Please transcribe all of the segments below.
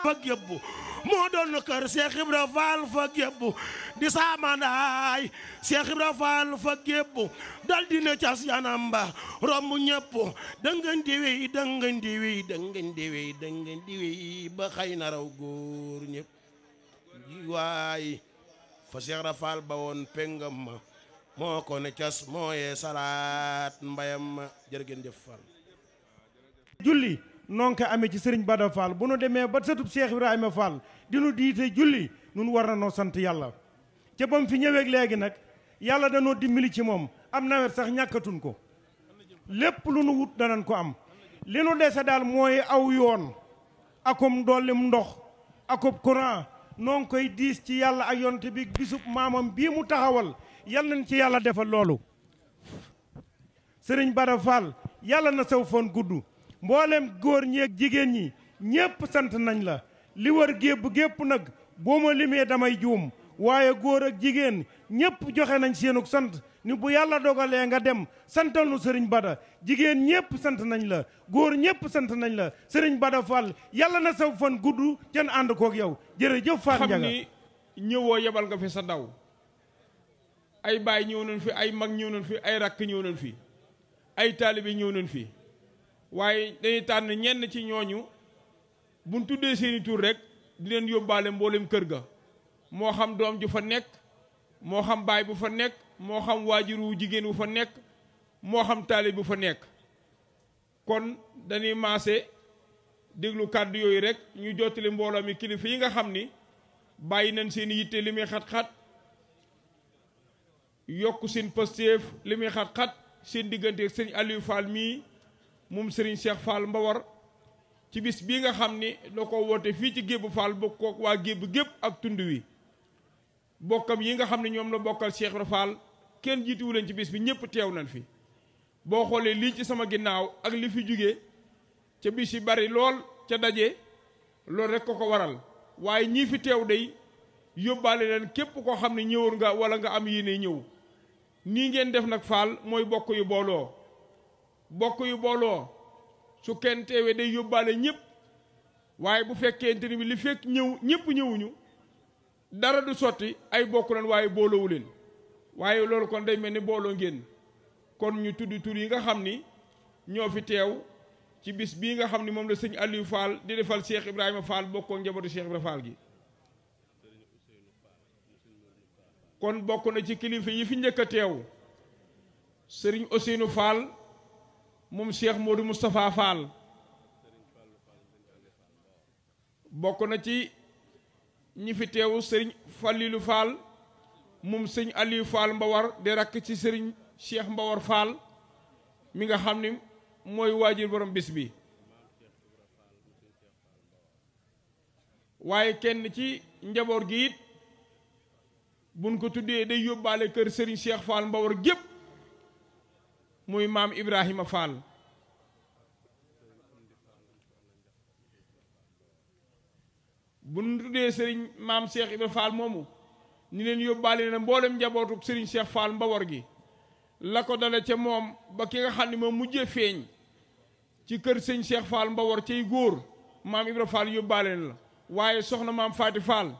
fag yëbbu moo doon kër Cheikh Ibra Fall fag yëbbu di saamandaay Cheikh Ibra Fall fag yëbbu dal dina cas yanamba romb ñëpp dëngan di wey dëngan di wey dëngan di wey dëngan di wey ba xëy na raw góor ñëpp waay fa Cheikh Ibra Fall ba woon pengam ma moo ko ne cas mooyee salaat mbayam jërë ngeen jëf julli noonu ko amee ci sëriñ Bada Fall bu nu demee ba sëtub Cheikh Ibrahima Fall di nu diite julli nun war na noo sant yàlla ca bam fi ñëweeg léegi nag yàlla danoo dimbali ci moom am nawet sax ñàkkatun ko lépp lu nu wut danañ ko am li nu dese daal mooy aw yoon akum dollim ndox akub courant noo ngi koy diis ci yàlla ak yonte bi bisub maamam bii mu taxawal yal nañ ci yàlla defal loolu sëriñ Bara Fall yàlla na sew foon gudd mboolem góor ñeeg jigéen ñi ñépp sant nañ la li wër gébb gépp nag boo ma limee damay juum waaye góor ak jigéen ñépp joxe nañ seenug sant ni bu yàlla dogalee nga dem santal nu sëriñ Bada jigéen ñépp sant nañ la góor ñépp sant nañ la sëriñ Bada Fall yàlla na sew fan gudd kenn ànd koog yow jërëjëf Fall Njaga xam ñëwoo yebal nga fi sa ndaw ay baay ñëw nañ fi ay mag ñëw nañ fi ay rakk ñëw nañ fi ay taalibe ñëw nañ fi waaye dañuy tànn ñenn ci ñooñu buñ tuddee seeni tur rek di leen yóbbaale mboolem kër ga moo xam doom ju fa nekk moo xam baay bu fa nekk moo xam waajur wu jigéen wu fa nekk moo xam taalibe bu fa nekk kon dañuy maase déglu kàddu yooyu rek ñu jottali mbooloo mi kilifa yi nga xam ni bàyyi nañ seen yitte li muy xat-xat yokk seen pastéef li muy xat-xat seen diggante ak sëriñ Aliou Fall mii moom sëriñ Cheikh Fall Mbawar ci bis bii nga xam ni da ko woote fii ci Gébbu Fall bokk kook waa Gébbu gépp ak tund wi bokkam yi nga xam ne ñoom la bokkal Cheikh Ibra Fall kenn jiituwu leen ci bis bi ñëpp teew nañ fi boo xoolee lii ci sama ginnaaw ak li fi jóge ca bis yi bari lool ca daje loolu rekk ko ko waral waaye ñii fi teew day yóbbaale leen képp koo xam ne ñëwoon nga wala nga am yéene ñëw nii ngeen def nag faal mooy bokk yu booloo bokk yu booloo su kenn teewee day yóbbaale ñëpp waaye bu fekkee ni bi li fekk ñëw ñëpp ñëwuñu dara du sotti ay bokk lan waaye booloowu leen waaye loolu kon day mel ni booloo ngeen kon ñu tudd tur yi nga xam ni ñoo fi teew ci bis bii nga xam ni moom la sëñ Aliou Fall di defal Cheikh Ibrahima Fall bokkoo njabootu Cheikh Ibrahima Fall gi kon bokk na ci kilifa yi fi njëkk a teew sëriñ Ousseynou Fall moom Cheikh Modou Moustapha Fall bokk na ci ñi fi teew sëriñ Fallilou Fall moom sëñ Aliou Fall Mbawar di rakk ci sëriñ Cheikh Mbawar Fall mi nga xam ni mooy waajur borom bis bi waaye kenn ci njaboot gi buñ ko tuddee day yóbbaale kër Serigne Cheikh Fall Mbawar gépp muy maam Ibrahima Fall buñ tuddee Serigne maam Cheikh Ibrahima Fall moomu ñu leen yóbbaale na mboolem njabootu Serigne seex Fall Mbawar gi la ko dale ca moom ba ki nga xam ni moom mujje feeñ ci kër sëñ Cheikh Fall Mbawar cay góor maam Ibra Fall yóbbaale na la waaye soxna maam Faati Fall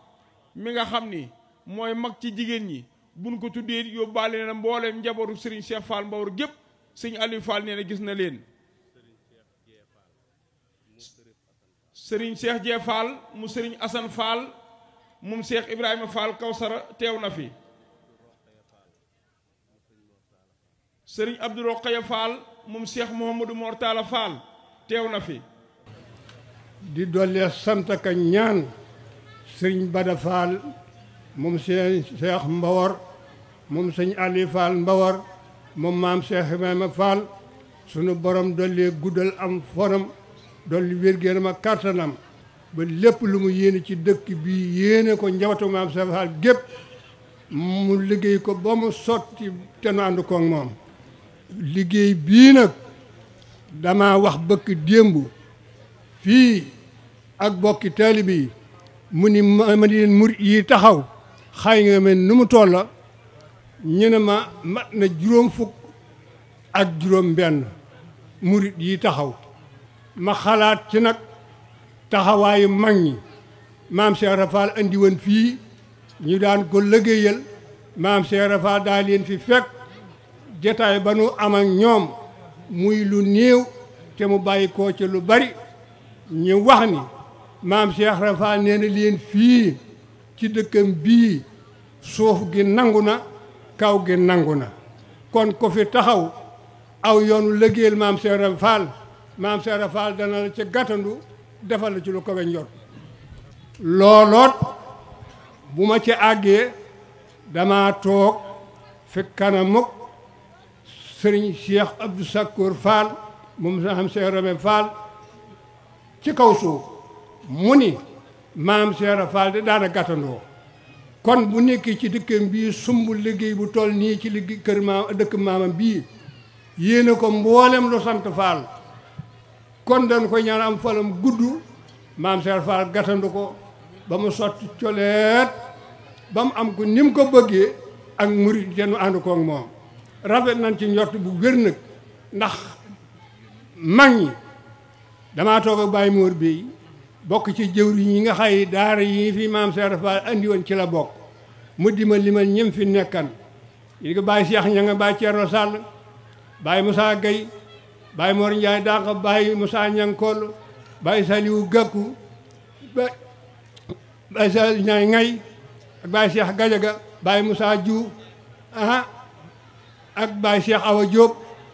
mi nga xam ni mooy mag ci jigéen ñi buñ ko tuddee yóbbaale na mbooleem njabootu Serigne Cheikh Fall Mbawar gépp Serigne Aliou Fall nee gis na leen sëriñ seex Jee Fall mu sëriñ Assane Fall moom Cheikh Ibrahima Fall Kawsara teew na fi Serigne Abdou Rokhaya Fall moom Cheikh Mouhamadou Mortala Fall teew na fi di dolli sant ak ñaan Serigne Bada Fall moom seen Cheikh Mbawar moom sëñ Ali Fall Mbawar moom maam Cheikh Ibrahima Fall sunu borom dolli guddal am fonam dolli wér-gu-yaram ak kàttanam ba lépp lu mu yéene ci dëkk bi yéene ko njabootu maam Cheikh Fall gépp mu liggéey ko ba mu sotti te nu ànd koog moom liggéey bii nag dama wax bëkk démb fii ak bokki taalibe yi mu ni ma leen mur yi taxaw xay nga mel nu mu toll la ñu ma mat na juróom fukk ak juróom benn murit yi taxaw ma xalaat ci nag taxawaayu mag ñi maam Cheikh Rafal andi woon fii ñu daan ko liggéeyal maam Cheikh Rafal daa leen fi fek jataay ba nu am ñoom muy lu néew te mu bàyyi koo ci lu bari ñu wax ni maam Cheikh Rafal nee na leen fii ci dëkkam bii suuf gi nangu na kaw gi nangu na kon ko fi taxaw aw yoonu liggéeyal maam Seera Faal maam Seera Faal dana la ci gàttandu defal la ci lu kawe njot looloot bu ma ci àggee dama toog fi kanamuk sëriñ Cheikh Abdou Sakkour Faal moom maam Seera Faal ci kaw suuf mu ni maam Cheikh Fall de daana gàttandoo kon bu nekkee ci dëkkam bii sumb liggéey bu toll nii ci liggéey kër maam dëkk maamam bii yéene ko mboolem lu sant Fall kon dañ koy ñaan am falam gudd maam Cheikh Fall gàttandu ko ba mu sotti coleet ba mu am ko ni mu ko bëggee ak murit jenu ànd koog moom nañ ci njort bu wér nag ndax mag ñi damaa toog a bàyyi móor bi bokk ci jëwriñ yi nga xay daar yi fi maam Cheikh Fall andi woon ci la bokk mu dimal limal ñëm fi nekkan yi nga bàyyi Cheikh ña nga bàyyi Thierno Sall baay musaa Gueye baay Mor Ndiaye Dànq bàyyi Moussa Ñankool bàyyi Saliou Gakou ba bàyyi Saliou Ñaay Ngay ak bàyyi Cheikh Gadiaga bàyyi Moussa Diouf aha ak bàyyi Cheikh Awa Diop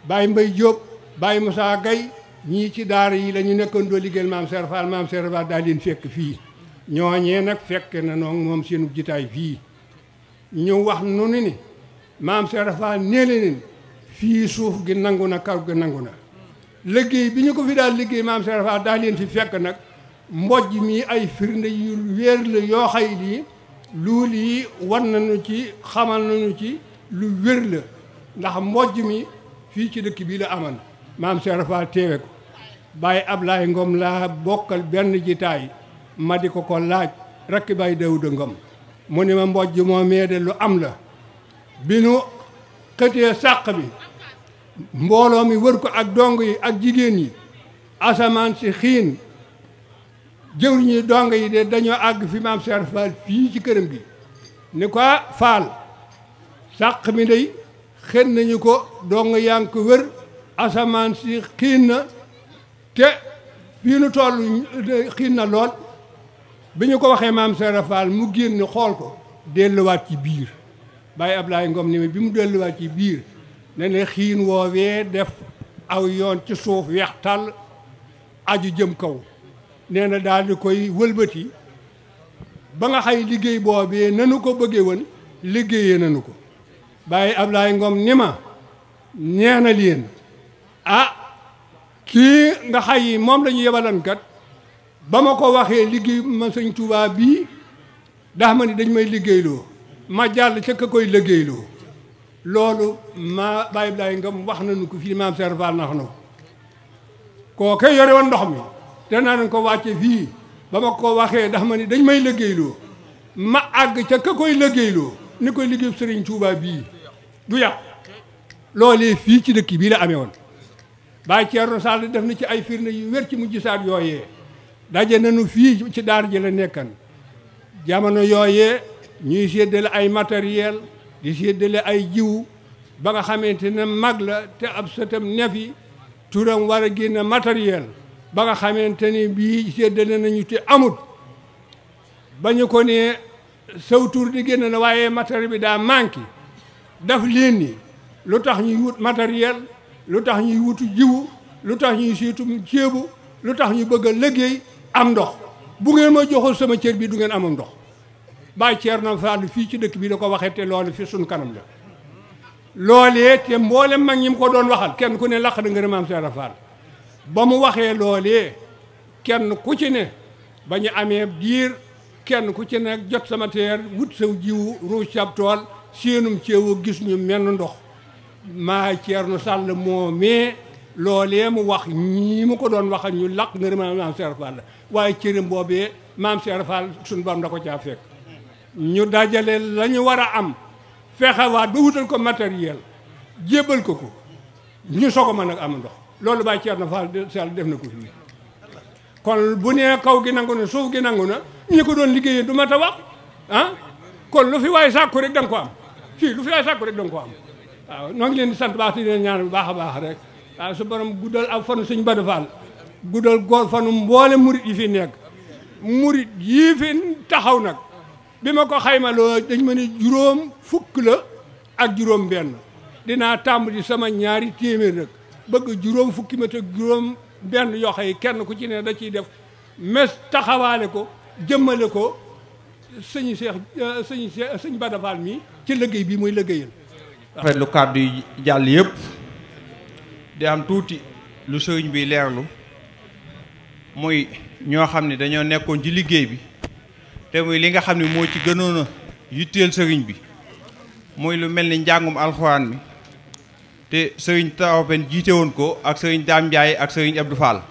bàyyi Mbaye Diop bàyyi Moussa Gueye ñii ci daar yi la nekkoon doo liggéeyal maam Serap Fall maam Serap Fall fekk fii ñooñee nag fekk na noonu moom seenu jitaay fii ñu wax nu ni ni maam Serap Fall nee leen fii suuf gi nangu na kaw gi nangu na liggéey bi ñu ko fi daal liggéey maam Serap Fall daal fi fekk nag mboj mi ay firnde yu wéer la yoo xay lii luul yi wan nañu ci xamal nañu ci lu wér la ndax mboj mi fii ci dëkk bii la aman maam Serap teewe ko Baye Ablaye ngoom laa bokkal benn jitaay ma di ko ko laaj rakki Baye Dawuda ngoom mu ni ma mbojj moo meede lu am la bi nu xëtee sàq bi mbooloo mi wër ko ak dong yi ak jigéen yi asamaan si xiin jëw ñi dong yi de dañoo àgg fi maam Cheikh Fall fii ci këram gi ni ko ah, faal sàq mi day xen nañu ko dong yaa ngi ko wër asamaan si xiin na te fii nu xiin na lool bi ñu ko waxee maam Serap Fall mu génn xool ko delluwaat ci biir Baye Ablaye Ngom ni bi mu delluwaat ci biir ne xiin woowee def aw yoon ci suuf weextal aju jëm kaw nee na daal koy wëlbati ba nga xay liggéey boobee nanu ko bëggee woon liggéeyee nanu ko Baye Ablaye Ngom ni ma ñeena leen ah ci nga xay moom la ñu ba ma ko waxee liggéey ma sëñ Tuubaa bii ndax ma ni dañ may liggéeyloo ma jàll ca ka koy liggéeyloo loolu ma bàyyi Ibrahima Ngom wax nañu ko fii maam Seer Faal nax na ko kooke yore woon ndox mi te naa nañ ko wàcce fii ba ma ko waxee ndax ma ni dañ may liggéeyloo ma àgg ca ka koy liggéeyloo ni koy liggéey sëriñ Tuubaa bii du yàqu loolee fii ci dëkk bii la amee woon Baay Ceerno Sall def na ci ay firnde yu wér ci mujj saat yooyee daje nañu fii ci daar ji la nekkan jamono yooyee ñuy séddale ay matériel di séddale ay jiw ba nga xamante ne mag la te ab sëtam nefi turam war a génne matériel ba nga xamante ni bii séddale nañu te amut ba ñu ko ne sëw tur di génne na waaye matériel bi daa manqué daf leen ni lu tax ñuy wut matériel lu tax ñuy wutu jiwu lu tax ñuy siitum ceebu lu tax ñu bëgg a liggéey am ndox bu ngeen ma joxul sama cër bii du ngeen amam ndox bàyyi ceer na Fall fii ci dëkk bii da ko waxee te loolu fi suñ kanam la loolee te mboolem mag ñi mu ko doon waxal kenn ku ne laq na ngërëm am Seera Fall ba mu waxee loolee kenn ku ci ne ba ñu amee diir kenn ku ci ne jot sama teer wut saw jiwu ruuj sab tool seenum ceewu gis ñu menn ndox maa Ceerno Sàll moomee loolee mu wax ñii mu ko doon wax ñu laq ngërëma maam Cheikh Fall la waaye cëram boobee maam Cheikh Fall suñu bam da ko caa fekk ñu dajale la war a am fexewaat ba wutal ko matériel jébal ko ko ñu soog a mën am ndox loolu bàyyi Ceerno Fall Sàll def na ko fii kon bu nee kaw gi nangu na suuf gi nangu na ñi ko doon liggéeyee du ma ta wax ah kon lu fi waay sàkku rek da nga ko am fii lu fi waay sàkku rek da nga ko am waaw noo ngi leen di sant baax di leen ñaan bu baax a baax rek waaw su borom guddal ak fanu suñ Bada Fall guddal góor fanu mboole murit yi fi nekk murit yii fi taxaw nag bi ma ko xaymaloo dañ ma ne juróom fukk la ak juróom benn dinaa tàmbali sama ñaari téeméer nag bëgg juróom fukki ma te juróom benn yoo yi kenn ku ci ne da ciy def mes taxawaale ko jëmmale ko sëñ Cheikh sëñ Cheikh sëñ Bada Fall ci liggéey bi muy liggéeyal rafetlu kàddu yi jàll yëpp di am tuuti lu sëriñ bi leerlu muy ñoo xam ne dañoo nekkoon ci liggéey bi te muy li nga xam ne moo ci gënoon a yitteel sëriñ bi muy lu mel ni njàngum alxuraan mi te sëriñ Taoben jiite woon ko ak sëriñ Daam Njaay ak sëriñ Abdou Fall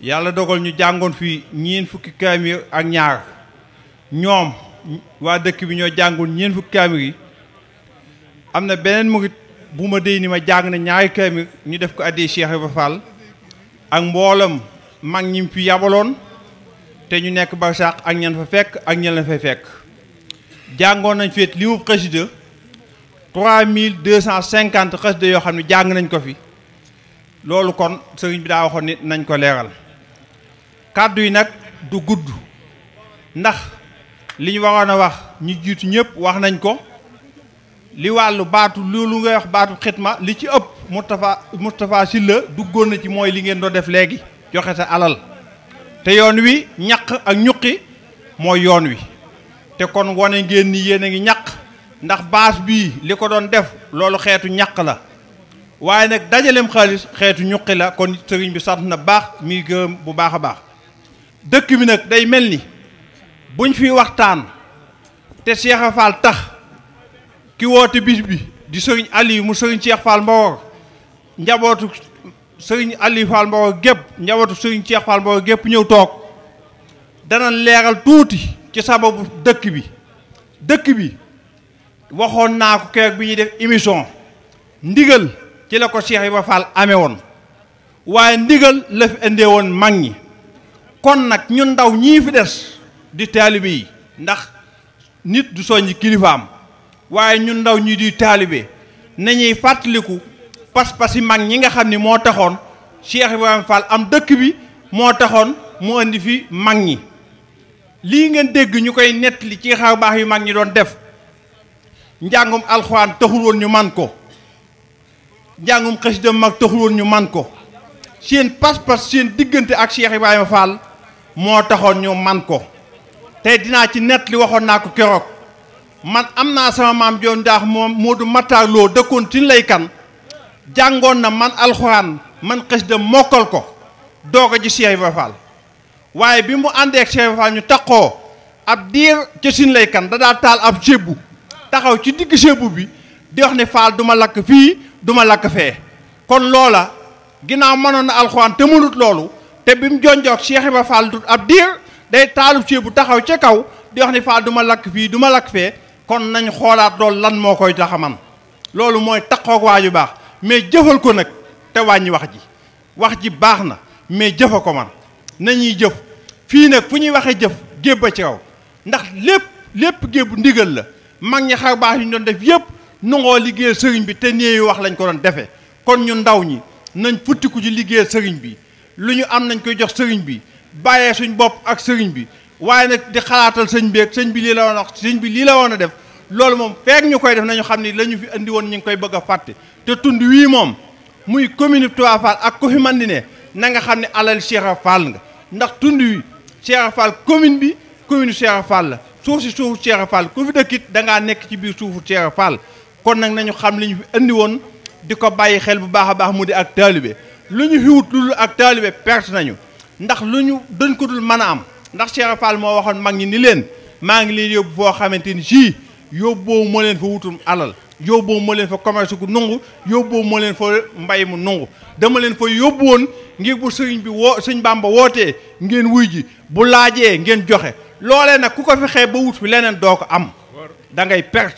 yàlla dogal ñu jàngoon fii ñeen fukki kaamir ak ñaar ñoom waa dëkk bi ñoo jàngoon ñeen fukki kaamir yi am na beneen murit bu ma déy ni ma jàng na ñaari kaamil ñu def ko addee Cheikh Ibrahima Fall ak mboolam mag ñi fi yabaloon te ñu nekk barsàq ak ñan fa fekk ak ñan la fay fekk jàngoon nañ feet li mu xasida trois mille deux cent cinquante xasida yoo xam ne jàng nañ ko fi loolu kon sëriñ bi daa waxoon ni nañ ko leeral kàddu yi nag du gudd ndax li ñu waxoon a wax ñu jiitu ñëpp wax nañ ko li wàllu baatu loolu ngay wax baatu ma li ci ëpp Moustapha Moustapha Sylla duggoon na ci mooy li ngeen doo def léegi joxe sa alal te yoon wi ñaq ak ñuqi mooy yoon wi te kon wone ngeen ni yéen a ngi ñaq ndax baas bii li ko doon def loolu xeetu ñaq la waaye nag dajaleem xaalis xeetu ñuqi la kon sëriñ bi sant na baax mi gërëm bu baax a baax dëkk bi nag day mel ni buñ fi waxtaan te Cheikh tax ki woote bis bi di sëriñ Aliou mu sëriñ Cheikh Fall Mbawor njabootu sëriñ Aliou Fall Mbawor gépp njabootu sëriñ Cheikh Fall Mbawor gépp ñëw toog dana leeral tuuti ci sababu dëkk bi dëkk bi waxoon naa ko keroog bi ñuy def émission ndigal ci la ko Cheikh Ibrahima Fall amee woon waaye ndigal la fi indee woon mag ñi kon nag ñun ndaw ñii fi des di taalibe yi ndax nit du soññi kilifaam waaye ñun ndaw ñi di taalibe nañuy fàttaliku pas-pas yi mag ñi nga xam ni moo taxoon Cheikh am dëkk bi moo taxoon mu indi fi mag ñi lii ngeen dégg ñu koy nettali ci xaw baax yu mag ñi doon def njàngum alxuraan taxul woon ñu man ko njàngum xasida mag taxul woon ñu man ko seen pas-pas seen diggante ak Cheikh Ibrahima Fall moo taxoon ñu man ko tey dinaa ci nettali waxoon naa ko keroog man am naa sama maam joon daax moom moo du Matar Lo dëkkoon tin lay kan jàngoon na man alxuraan man xës da mokkal ko doo a ji Cheikh Ibra Fall waaye bi mu àndee ak Cheikh Ibra Fall ñu taqoo ab diir ca sin lay kan da daa taal ab sébbu taxaw ci digg sébbu bi di wax ne Fall du lakk fii duma lakk fee kon loola ginnaaw mënoon na alxuraan te mënut loolu te bi mu jonjoog Cheikh Ibra Fall ab diir day taalub sébbu taxaw ca kaw di wax ne Fall du lakk fii du ma lakk kon nañ xoolaat loolu lan moo koy tax a man loolu mooy taqoog waa ju baax mais jëfal ko nag te wàññi wax ji wax ji baax na mais jëfa ko man nañuy jëf fii nag fu ñuy waxee jëf gébb a ci kaw ndax lépp lépp gébb ndigal la mag ñi xaw baax yu ñu doon def yëpp nangoo liggéeyal sëriñ bi te néewi wax lañ ko doon defee kon ñu ndaw ñi nañ futtiku ci liggéeyal sëriñ bi lu ñu am nañu koy jox sëriñ bi bàyyee suñ bopp ak sëriñ bi waaye nag di xalaatal sëñ bi ak sëñ bi lii la woon wax sëñ bi lii la woon a def loolu moom feek ñu koy def nañu xam ni lañu fi indi woon ñu ngi koy bëgg a fàtte te tund wii moom muy commune Touba Fall ak ko fi man di ne na xam ne alal Cheikh Fall nga ndax tund wi Cheikh Fall commune bi commune Cheikh Fall la suuf si suufu Cheikh Fall ku fi dëkkit da ngaa nekk ci biir suufu Cheikh Fall kon nag nañu xam li ñu fi andi woon di ko bàyyi xel bu baax a baax mu di ak taalibe lu ñu fi wut lu ak taalibe nañu ndax lu ñu dañ ko dul mën a am ndax Cheikh Fall moo waxoon mag ñi ni leen maa ngi leen yóbbu foo xamante ni jii yóbboo moo leen fa wutum alal yóbboo moo leen fa commerce gu nungu yóbboo moo leen fa mbay mu nungu dama leen fa yóbbu woon ngir bu sëriñ bi woo sëñ ba wootee ngeen wuy ji bu laajee ngeen joxe loole nag ku ko fi xee ba wut fi leneen doo ko am dangay ngay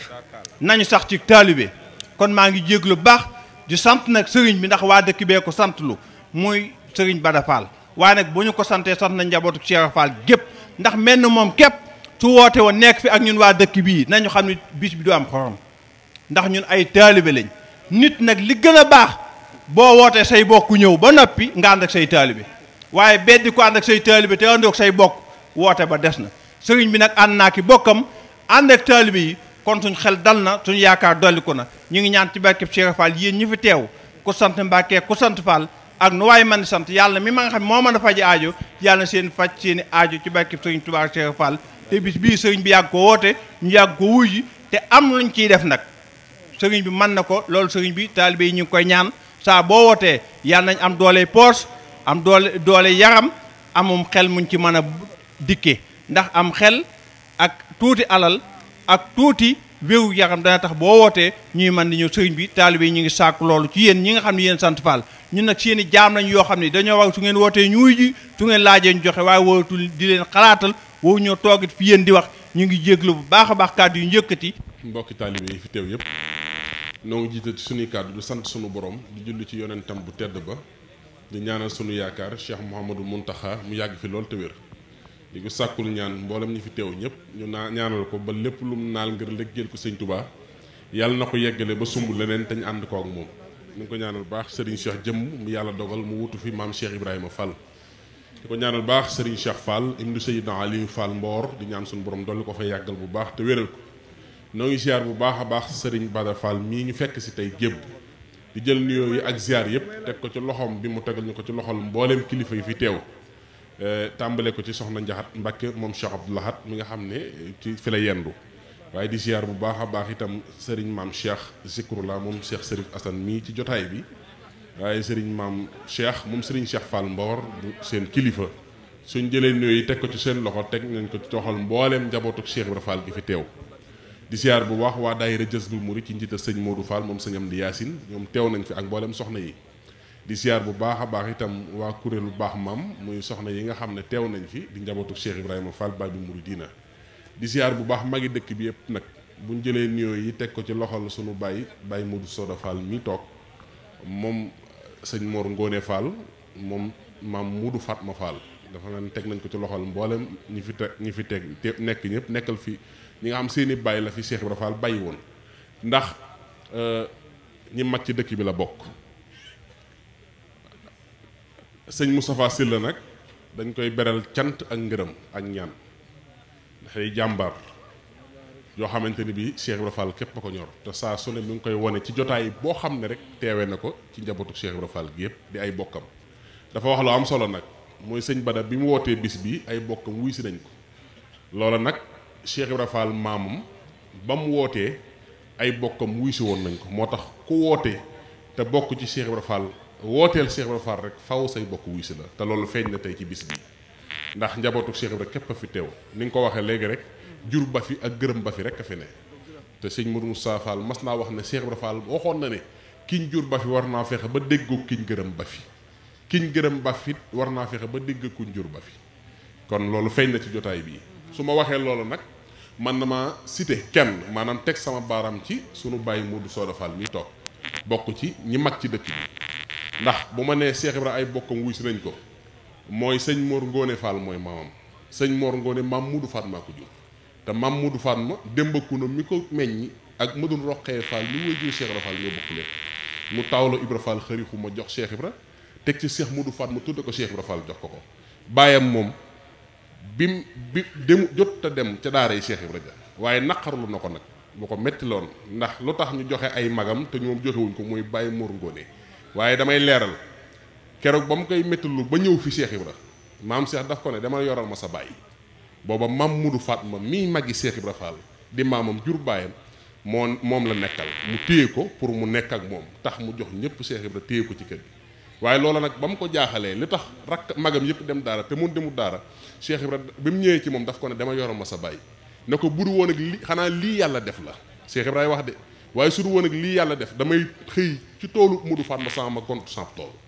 nañu sax ci taalibe kon maa ngi jéglu baax di sant nag sëriñ bi ndax waa dëkk bee ko sant lu muy sëriñ Bada Fall waaye nag bu ñu ko santee sant na njabootu Cheikh Fall gépp ndax menn moom képp su woote woon nekk fi ak ñun waa dëkk bii nañu xam ni biis bi du am xorom ndax ñun ay taalibe lañ nit nag li gën a baax boo wootee say bokk ñëw ba noppi nga ànd ak say taalibe waaye beddi ko ànd ak say taalibe te àndoog say bokk woote ba des na sëriñ bi nag ànd naa ki bokkam ànd ak taalibe yi kon suñ xel dal na suñ yaakaar dolli ko na ñu ngi ñaan ci barkeb Cheikh Fall yéen fi teew ku sant Mbàkke ku sant ak nu waaye man sant yàlla mi ma nga xam moo mën a faji aajo yàlla seen faj seen aajo ci barkeb sëriñ Tuubaa Cheikh Fall te bii sëriñ bi yàgg ko woote ñu yàgg ko wuy te am luñ ciy def nag sëriñ bi mën na ko loolu sëriñ bi taalibe yi ñu ngi koy ñaan saa boo wootee yàlla nañ am doole poos am doole doole yaram amum xel muñ ci mën a dikke ndax am xel ak tuuti alal ak tuuti wéewu yaram dana tax boo wootee ñuy mën di ñëw sëriñ bi taalibe yi ñu ngi sàkku loolu ci yéen ñi nga xam ne yéen sant ñun nag seen i jaam lañ yoo xam ne dañoo wax su ngeen wootee ñuuy ji su ngeen laajee ñu joxe waaye wootul di leen xalaatal woowu ñoo toogit fi yéen di wax ñu ngi jéglu bu baax a baax kàdd yu njëkkati mbokki taalibe yi fi teew yëpp noo ngi jiite ci suñuy kàddu du sant sunu borom di julli ci yonentam bu tedd ba di ñaanal sunu yaakaar Cheikh Mouhamadou Mountakha mu yàgg fi lool te wér di ko sàkkul ñaan mboolem ñi fi teew ñëpp ñu naa ñaanal ko ba lépp lu mu naal ngir liggéeyal ko sëñ Touba yàlla na ko yeggale ba sumb leneen te ñu ànd ko moom ñu ngi ko ñaanal baax Serigne Cheikh jëmm mu yàlla dogal mu wutu fi maam Cheikh Ibrahima fal di ko ñaanal baax Serigne Cheikh Fall ibnu Seydina Aliou Fall Mboor di ñaan suñu borom dolli ko fa yàggal bu baax te wéral ko noo ngi ziar bu baax a baax Serigne Bada fal mii ñu fekk si tey jébb di jël nuyoo yi ak ziar yëpp teg ko ci loxoom bi mu tegal ñu ko ci loxol mbooleem kilifa yi fi teew eh, tàmbale ko ci soxna Njaxat Mbàkke moom Cheikh Abdoulahat mi nga xam ne ci fi la waaye di bu baax a baax itam sëriñ maam Cheikh Zikrullah moom Cheikh Serif Assane mii ci jotaay bi waaye sëriñ maam Cheikh moom sëriñ Cheikh Fall Mbor bu seen kilifa suñ jëlee nuyoo yi teg ko ci seen loxo teg nañ ko ci toxal mbooleem njabootu Cheikh Ibra Fall gi fi teew. di ziar bu baax waa daayira Jazbul Murid ci njiital sëñ Modou Fall moom sëñam Amdi Yaasin ñoom teew nañ fi ak mbooleem soxna yi. di bu baax a baax itam waa kuréelu baax maam muy soxna yi nga xam ne teew nañ fi di njabootu Cheikh Ibrahima Fall Baabul Muridiina di ziar bu baax magi dekk bi yep nak buñ jëlé nuyoo yi tek ko ci loxol suñu bàyyi bàyyi Modou Soda Fall mi tok mom señ Mor Ngone Fall mom mam Modou Fatma Fall dafa nañ tek nañ ko ci loxol mbolam ñi fi tek ñi fi tek nek ñep nekkal fi ñi nga am seeni bàyyi la fi Cheikh Ibra Fall bàyyi won ndax euh, ñi mag ci dekk bi la nak dañ koy beral cant ak ngeureum ak ñaan dafay jàmbaar yoo xamante ni bii Cheikh Ibra képp a ko ñor te saa su ne mi ngi koy wane ci jotaay boo xam ne rek teewe na ko ci njabootu Cheikh Ibra Fall gi yëpp di ay bokkam dafa wax lu am solo nag mooy sëñ ba Bada bi mu wootee bis bi ay bokkam wuy si nañ ko loola nag Cheikh Ibra maamam ba mu wootee ay bokkam wuy woon nañ ko moo tax ku woote te bokk ci Cheikh Ibra Fall wooteel Cheikh Ibra Fall rek faw say bokk wuy la te loolu feeñ na tey ci bis bi ndax njabootu Cheikh Ibra képp a fi teew ni nga ko waxee léegi rek jur ba fi ak gërëm ba fi rek a fi ne te sëñ Modou Moustapha Fall mas naa wax ne Cheikh Ibra waxoon na ne kiñ jur ba fi war naa fexe ba déggoo kiñ gërëm ba fi kiñ gërëm ba fi war naa fexe ba dégg kuñ jur ba kon loolu feeñ na ci jotaay bii su ma waxee loolu nag man na ma cité kenn maanaam teg sama baaraam ci sunu bàyyi Modou Soda Fall mi toog bokk ci ñi mag ci dëkk bi ndax bu ma nee Cheikh Ibra ay bokkam wuy si nañ ko mooy sëñ Mor Ngone Fall mooy maamam sëñ moor ngoone maam Moudou Fatma ko jur te maam Moudou Fatma démb no mi ko meññ ak ma doon roqee Fall li wajur Cheikh Ibra Fall mu tawlo Ibra Fall xëriku ma jox Cheikh Ibra teg ci Cheikh Moudou Fatma tudde ko Cheikh Ibra jox ko ko bàyyam moom bim bi dem jot a dem ca daara yi Cheikh Ibra ja waaye naqarlu na ko nag bu ko metti ndax lu tax ñu joxe ay magam te ñoom joxewuñ ko muy bàyyi Mor Ngone waaye damay leeral kérok bam koy metti lu ba ñew fi Cheikh Ibra mam Cheikh daf ko ne dama yoral ma sa bàyyi boba mam mudu Fatma mi magi Cheikh Ibra Fall di mamam jur bayam mom la nekkal mu tey ko pour mu nekk ak mom tax mu jox ñepp Cheikh Ibra tey ko ci kër gi ko li tax rak magam yépp dem dara te mu demu dara Cheikh Ibra bi ñewé ci mom daf ko ne dama yoral ma sa bàyyi nako buru won ak li xanaa lii defla, def la Cheikh Ibra wax de waye suru won ak li yalla def damay xey ci tolu mudu Fatma sama kon sa tolu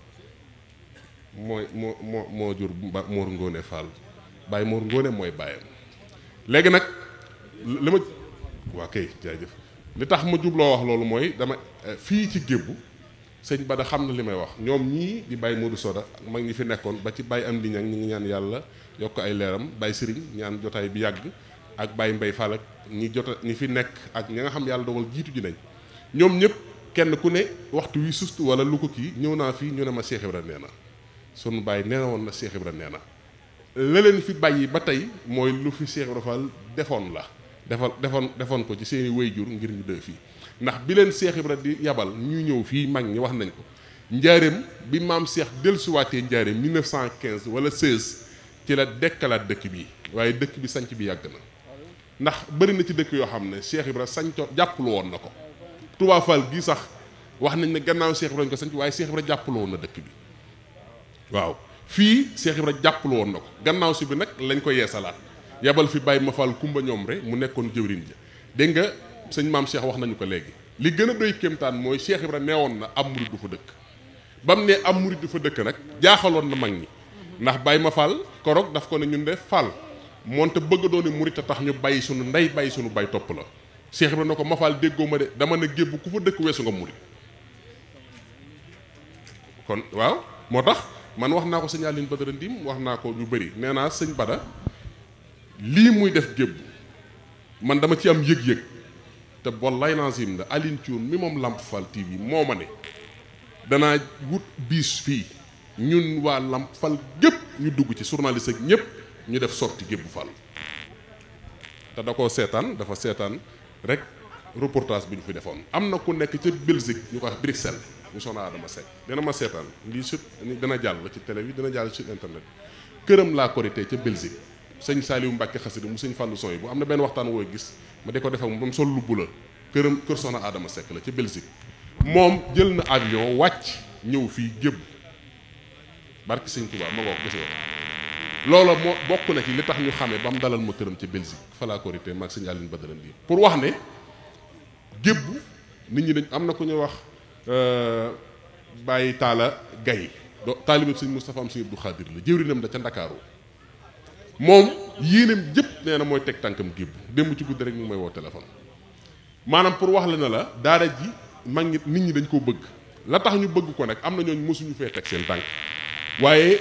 mooy moo moo moo jur Mor Ngone Fall Baye Mor Ngone mooy bàyyam léegi nag li ma waa kay jaajëf li tax ma jubloo wax loolu mooy dama eh, fii ci gébbu sëñ Bada wax di Baye Modou Soda mag ñi fi nekkoon ba ci Baye am di ñang ñi ngi ñaan yàlla yokk ay leeram Baye Sëriñ ñaan bi ak Mbay Fall ak ñi jota ñi fi nekk ak ña nga xam yàlla dogal jiitu ji nañ ñoom ñëpp kenn ku ne waxtu wi sustu wala lu ko kii ñëw naa ñu ne ma Cheikh Ibrahima sunu bàyyi nee na woon na Cheikh Ibra nee na la leen fi bàyyi ba tey mooy lu fi Cheikh Ibra defoon la defal defoon defoon ko ci seen i jur ngir ñu dëe fii ndax bi leen Cheikh Ibra di yabal ñu ñëw fii mag ñi wax nañ ko njaareem bi maam Cheikh dellusiwaatee njaareem 1915 wala 16 ci la dekkalaat dëkk bi waaye dëkk bi sanc bi yàgg na ndax bari na ci dëkk yoo xam ne Cheikh Ibra sañco jàpplu woon na ko Touba Fall gii sax wax nañ ne gannaaw Cheikh Ibra ko sanc waaye Cheikh Ibra jàpplu na dëkk bi Wow, fii Cheikh Ibra jàppul woon na ko gannaaw si bi nag lañ ko yeesalaat yabal fi bàyyi ma kumba ñoom re mu nekkoon jëwriñ ja dégg nga sëñ maam Cheikh wax nañu ko léegi li gën a doy kéemtaan mooy Cheikh Ibra neewoon na am murid du fa dëkk ba ne am murid du fa dëkk nag jaaxaloon na mag ñi ndax bàyyi ma fal korog daf ko ne ñun de fal moonte bëgg dooni murid a tax ñu bàyyi sunu ndey bàyyi sunu bay topp la Cheikh Ibra na ko ma déggoo dama ne gébb ku fa dëkk weesu nga murid kon waaw moo tax man wax naa ko sëñ Aline Badara Ndim wax naa ko ñu bëri nee naa sëñ Bada lii muy def Gébbu man dama ci am yëg-yëg te bon lancim la Aline Thioune mi moom làmp Fall TV moo ma ne danaa wut biis fii ñun waa Lamp Fall gépp ñu dugg ci journaliste ak ñëpp ñu def sorti Gébbu Fall te da koo seetaan dafa seetaan rek reportage bi ñu fi defoon am na ku nekk ca Belgique ñu ko wax Bruxelles mu soxna Adama Seck dana ma seetaan lii sut est jàll la télé bi dana jàll ci internet këram laa korité ca Belgique sëñ Saliou Mbacke xasida mu sëñ Fallou son yi bu am na où waxtaan woo gis ma di ko defak moom sol lu bula këram kër soxna Adama Seck la ca Belgique moom jël na avion wàcc ñëw fii gébb barki sëñ Touba ma ngoog gis nga loola moo bokk na ci li tax ñu xamee ba mu dalal ma këram ca Belgique fa laa korité maag sëñ Aline Badara Ndiaye pour wax ne gébb nit ñi dañ am na ku ñuy wax Euh, bàyyi taala gay do taalibam sëñ Moustapha am sëñ Abdou Khadir la jëwrinam da ca Ndakaaru moom yéenam jëpp nee na mooy teg tànkam gébb démb ci guddi rek mu ngi may woo téléphone maanaam pour wax la ne la daara ji mag nit ñi dañ koo bëgg la tax ñu bëgg ko nag am na ñooñ mosuñu fee teg seen tànk waaye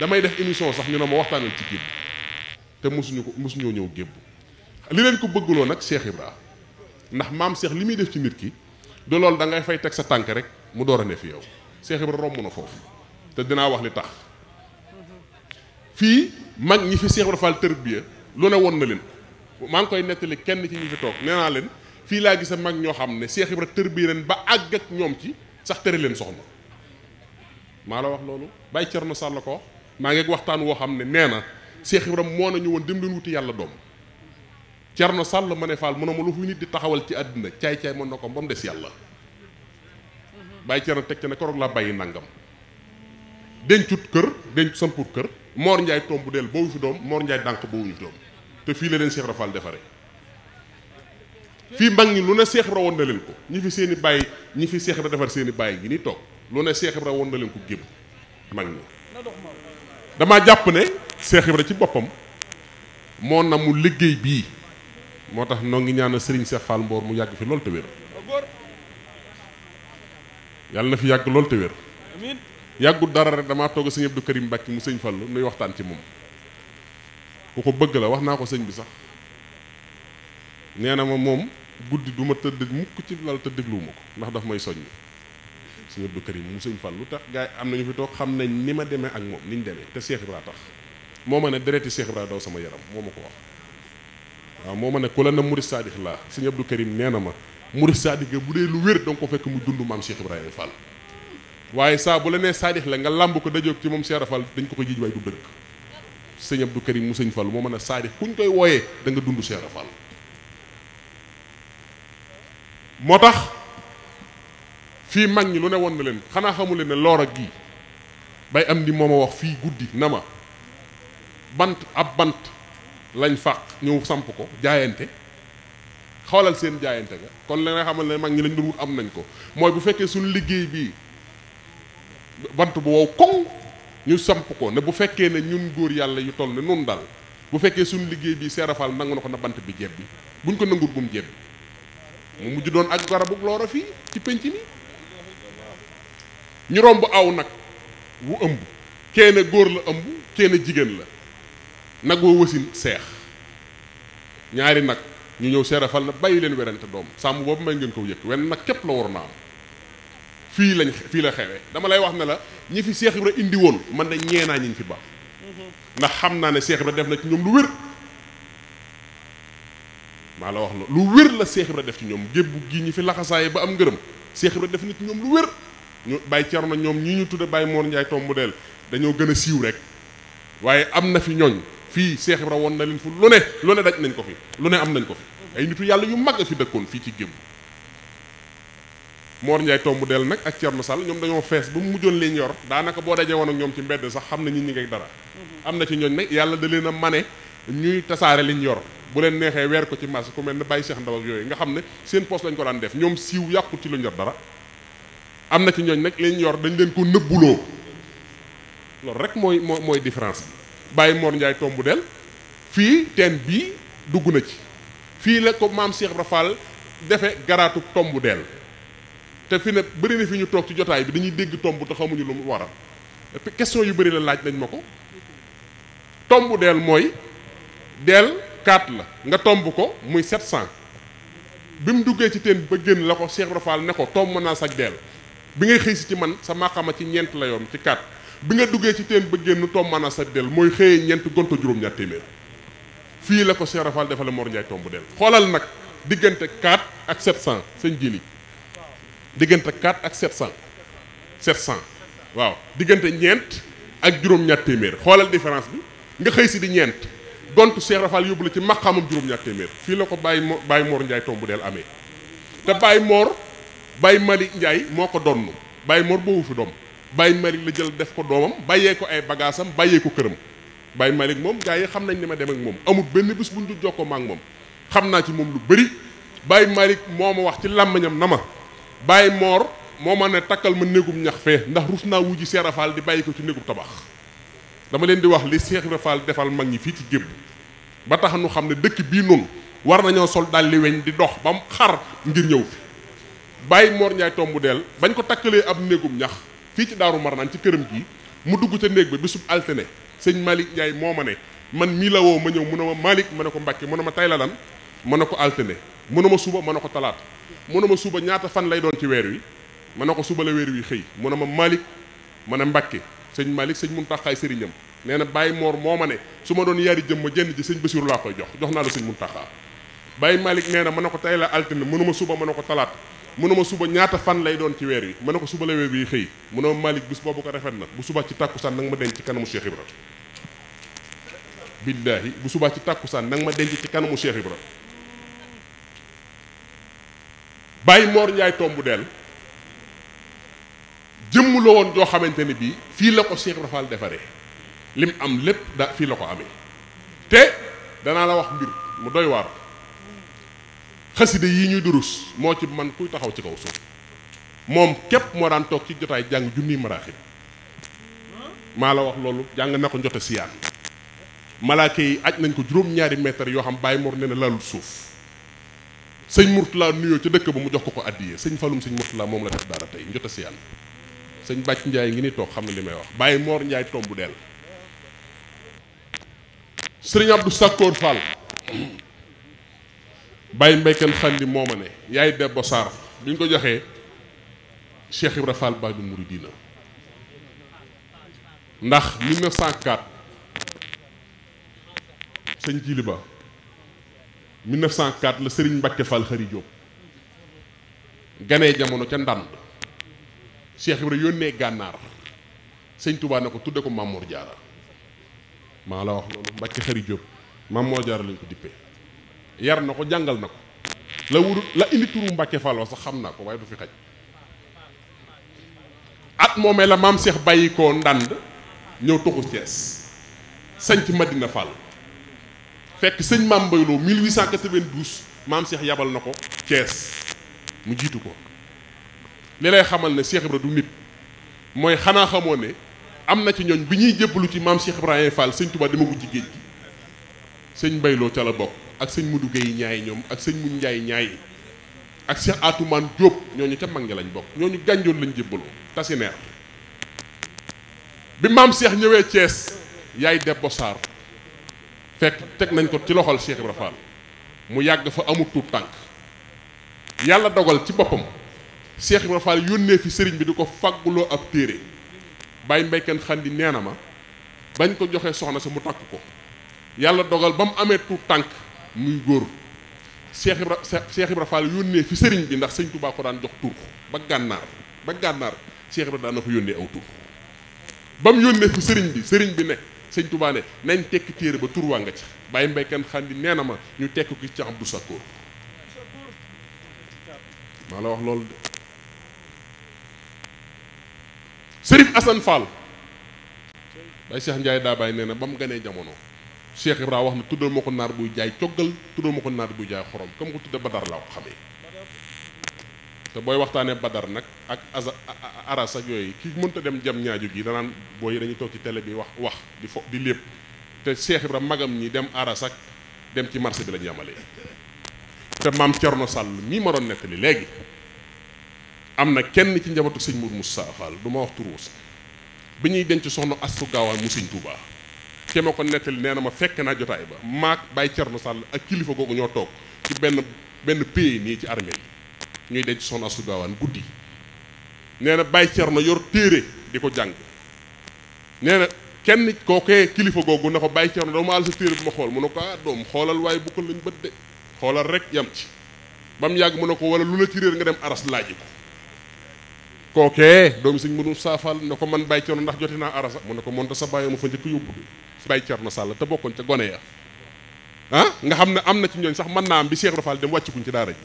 damay def émission sax ñu ne ma waxtaanal ci gébb te mosuñu ko mosuñoo ñëw gébb li leen ko bëgguloo nag Cheikh Ibra ndax maam seex li muy def ci nit ki du loolu da fay teg sa tànk rek mu door a ne fi yow Cheikh Ibra romb na foofu te dinaa wax li tax fii mag ñi fi Cheikh Ibra Fall tërbiya lu ne woon na leen maa ngi koy nettali kenn ci ñi fi toog nee naa leen fii laa gis mag ñoo xam ne Cheikh Ibra tërbiya leen ba àgg ak ñoom ci sax tere leen soxna maa la wax loolu Baye Thierno Sall ko maa ngi waxtaan woo xam ne nee na Cheikh Ibra moo nañu woon dem leen wuti yàlla doom cer na Sàll ma ne Faal mu ne ma lu fi nit di taxawal ci àddina caay-caay mën na ko ba mu des yàlla bàyyi na teg ca ne koroog laa bàyyi nangam dencut kër denc samput kër Mor Ndiaye tomb del boobu fi doom Mor Ndiaye dànq boobu ñu fi doom te fii la leen Cheikh defare fii mag ñi lu ne Cheikh Ibra woon na leen ko ñi fi seeni i bàyyi ñi fi Cheikh Ibra defar seeni i bàyyi ngi ni toog lu ne Cheikh Ibra woon na leen ko gémm mag ñi damaa jàpp ne Cheikh Ibra ci boppam moo liggéey bii moo tax noo ngi ñaan Serigne seex Fall Mboor mu yàgg fi loolu te wér yàlla na fi yàgg loolu te wér yàggul dara rek damaa toog sëñ Abdou Karim Mbacke mu sëñ Fallu nuy waxtaan ci moom ku ko bëgg la wax naa ko sëñ bi sax nee na ma moom guddi du ma tëdd mukk ci lal te dégluwuma ko ndax daf may soññ sëñ Abdou Karim mu sëñ Fallu tax gars yi am nañu fi toog xam nañ ni ma demee ak moom ni ñu demee te Cheikh Ibra tax moo ma ne dereti Cheikh Ibra daw sama yaram moo ma ko wax waaw moo ma ne ku la na murid saadix laa sëñ Abdou Karim nee na ma murid saadix bu dee lu wér danga ko fekk mu dund maam Cheikh Ibrahima Fall waaye saa bu la nee saadix la nga làmb ko dajoog ci moom Cheikh Fall dañ ko ko jiij waaye du dëkk sëñ Abdou Karim mu sëñ Fall moo mën a saadix kuñ koy wooyee da nga dund Cheikh Fall moo tax fii mag ñi lu ne woon na leen xanaa xamu leen ne loora gii bay am ni moo ma wax fii guddi na ma bant ab bant lañ fàq ñëw samp ko jaayante xoolal seen jaayante ga kon la nga xamal ne mag ñi lañ doon am nañ ko mooy bu fekkee suñu liggéey bii bant bu wow kong ñu samp ko ne bu fekkee ne ñun góor yàlla yu toll ne nun dal bu fekkee suñu liggéey bii seerafal nangu na ko na bant bi jeb bi buñ ko nangul gum jeb mu mujj doon ak garabug loora fii ci penc ni ñu romb aw nag wu ëmb keene góor la ëmb keene jigéen la nag woo wasin seex ñaari nag ñu ñëw seera fal na bàyyi leen werante doom sàmm boobu may ngeen ko yëg wenn nag képp la waroon na fii lañ fii la dama lay wax ne la ñi fi Seex Ibra indi woon man de ñeenaa ñi fi baax xam naa ne Seex Ibra def na ci ñoom lu wér maa la wax lu wér la Seex Ibra def ci ñoom gébb gi ñu fi laxasaay ba am ngërëm Seex Ibra def na ci ñoom lu wér ñu Baye Thierno ñoom ñi ñu tudde Baye Mor Ndiaye tombu del dañoo gën a siiw rek waaye am na fi ñooñ fii Cheikh Ibra woon na leen fu lu ne lu ne daj nañ ko fi lu ne am nañ ko fi ay nitu yàlla yu mag a fi dëkkoon fii ci gémm Mor Ndiaye tomb del nag ak Thierno Sall ñoom dañoo fees ba mu mujjoon leen yor daanaka boo dajee woon ak ñoom ci mbedd sax xam na ñi ñi ngay dara mhm. am na ci ñooñ nag yàlla da leen a mane ñuy tasaare liñ yor bu leen neexee weer ko ci marché ku mel ne bàyyi Cheikh yooyu nga xam ne seen poste lañ ko daan def ñoom siiw yàqu ci lu ñor dara am na ci ñooñ nag liñ yor dañ leen ko nëbbuloo loolu rek mooy mooy mooy différence bi bàyyi Mor Ndiaye tombu del fii teen bii dugg na ci fii la ko maam Cheikh Ibra Fall defe garaatu tombu del te fi ne bëri na fi ñu toog ci jotaay bi dañuy dégg tomb te xamuñu lu mu waral question yu bëri la laaj nañ ma ko tombu del mooy del 4 la nga tomb ko muy 700 bi mu duggee ci teen bi ba génn la ko Cheikh Ibra ne ko tomb naa sag del bi ngay xëy ci man sa maqama ci ñeent la yoon ci 4 bi nga duggee ci teen ba génn tombana sa del mooy xëyee ñeent gonto juróom-ñaar fi la ko Cheikh Rafal defale Mor Ndiaye tomb del xoolal nag diggante 4 ak 700 sëñ jili diggante 4 ak 700 700 waaw diggante ñeent ak juróom-ñaar téeméer différence bi nga si di ñeent gontu Cheikh Rafal yóbbu la ci maqaamam juróom-ñaar téeméer fi la ko bay mo bàyyi Mor Ndiaye tomb del amee te bay Mor bay Mali Ndiaye moo ko Mor wu fi dom bàyyi Malick la jël def ko doomam bàyyee ko ay bagaasam bàyyee ko këram Baye Malick moom gars yi xam nañ ni ma dem ak moom amul benn bis bu ñu jokkoo ma ak moom xam naa ci moom lu bari bàyyi Malick moo ma wax ci làmmiñam na ma bàyyi Mor moo ma ne takkal ma néegum ñax fee ndax rus naa wuji Seera Faal di bàyyi ko ci néegum tabax dama leen di wax li Seera Faal defal mag ñi fii ci gébb ba tax nu xam ne dëkk bii noonu war nañoo sol daal li weñ di dox ba mu xar ñëw fi Baye Mor tombu del bañ ko takkalee ab néegum ñax fii ci daaru marnaan ci këram gii mu dugg ca néeg ba bisub altine sëñ Malick Ndiaye moo ma ne man mii la woo ma ñëw mu ne ma Malick ma ne ko Mbàkke mu ne ma tay la lan ma ne ko altine mu ne ma suba ma ne ko talaata mu ne ma suba ñaata fan lay doon ci weer wi mën ne ko suba la weer wi xëy mu ne ma Malick ma ne Mbàkke sëñ Malick sëñ Muntaxaay sëriñam nee na Baye Mor moo ma ne su ma doon yari jëm ma jenn ji sëñ Basiru laa koy jox jox naa la sëñ Muntaxaa Baye Malick nee na ma ne ko tay la altine mën ne ma suba ma ne ko talaata munuma suba ñaata fan lay doon ci wër wi mané ko suba lewé bi xey xëy malik bis bobu ko rafet na bu suba ci takusan nag ma denc ci kanamu cheikh ibra billahi bu suba ci takusan nag ma denc ci kanamu cheikh ibra bay mor ñay tombu del jëm lu won do xamanteni bi fi la ko cheikh rafal défaré lim am lepp da fi la ko amee te danaa la wax mbir mu doy waar xasida yi ñuy durus moo ci man kuy taxaw ci kaw suuf moom képp moo daan toog ci jotaay jàng junniy maraaxib maa la wax loolu jàng na ko njote siyaan malaaka yi aj nañ ko juróom-ñaari mètre yoo xam bàyyi mor ne na suuf sëñ murtala nuyoo ci dëkk ba mu jox ko ko addiye sëñ falum sëñ murtala moom la def dara tey njote siyaan sëñ bàcc njaay ngi ni toog xam na li may wax bàyyi mor njaay tomb del sëriñ abdou sakkoor fall bàyyi mbéykan xandi moo ma ne yaay debbo Sarr bi ñu ko joxee Cheikh Ibra Fall Baay Mouridina ndax 1904 sëñ Jili Ba 1904 la Serigne Mbacke Fall Xari jóob ganee jamono ca ndànd Cheikh Ibra yónnee gànnaar sëñ Touba ne ko tudde ko Mamour Diarra maa la wax loolu Mbacke Xari Diop Mamour Diarra lañ ko dippee yar nako jangal nako la wuru la indi turu mbacke fallo sax xam naa ko waaye du fi xaj at momé la maam Cheikh bàyyi ko ndànd ñëw tuxu Thiès sanc Madina Fall fekk señ maam Mbayloo 1892 maam Cheikh yabal nako ko mu jitu ko li lay xamal ne Cheikh Ibra du nit moy xana xamone amna ci ñooñ bi ñuy jébbalu ci maam Cheikh Ibrahima Fall señ touba dama ko ci géej gi sëñ Mbayloo ca la bokk ak seigne Modou gay ñaay ñom ak seigne Modou Ndiaye ñaay ak Cheikh Atoumane Diop ñooñu ca mangi lañ bok ñooñu gànjoon lañ jébbaloo tasineer bi mam Cheikh ñewé Thiès yaay de bossar fek tek nañ ko ci loxol Cheikh ibrahim Fall mu yàgg fa amu tuut tank yalla dogal ci bopam Cheikh ibrahim Fall yonne fi serigne bi diko ko ak téré bay mbay ken xandi nee ma bañ ko joxe soxna sa mu tak ko yalla dogal bam amé tout tank muy góor Cheikh Ibra Cheikh Ibra Fall yónnee fi sëriñ bi ndax sëñ Touba ko daan jox tur ba gànnaar ba gànnaar Cheikh Ibra daan ko yónnee aw tur ba mu yónnee fi sëriñ bi sëriñ bi ne sëñ Touba ne nañ tekki téere ba tur waa nga ci bàyyi mbéykan xandi nee na ma ñu tekk ki ci Abdou Sakkoor maa la wax loolu de Sërif Assane Fall Baye Cheikh Ndiaye daa bàyyi nee na ba mu ganee jamono. Cheikh Ibra wax na tuddal mako nar bu buy jaay coggal tuddal ma ko naar jaay xorom kam ko tudde badar la ko te boy waxtane badar nak ak aras ak yoy ki mënta dem jam ñaaju gi nan boy dañuy tok ci télé bi wax wax di fo di lepp te Cheikh Ibra magam ni dem aras ak dem ci marché bi lañ yamalee te mam tiorno Sall mi ma doon nettali léegi amna kenn ci njabatu sëñ Mour Moussa Fall wax turu biñuy denc soxna Astou Gawane mu sëñ Touba ke ko netal neena ma fekk na jotay ba maag bay tiernu Sall ak kilifa gogu ñoo tok ci ben ben pays ni ci armée ñuy dëj son Astou Gawane guddi neena bay yor téré diko ko neena kenn ko ke kilifa gogu nako bay Baye Thierno ma sa téré buma ma mu ah doom bu ko luñu bëd de xolal rek yam ci bam yag mu wala lu la ci réer nga dem aras laaj ko ko ke dom mënu saafal safal nako man bay Thierno ndax jotina naa arasa mu ne monta sa bayu mu fa yobbu Baye Thierno Sall te bokkoon ca gone ya ah nga xam ne am na ci ñooñ sax man naa am bi seex Cheikh Rafal dem wàccukuñ ci daara ji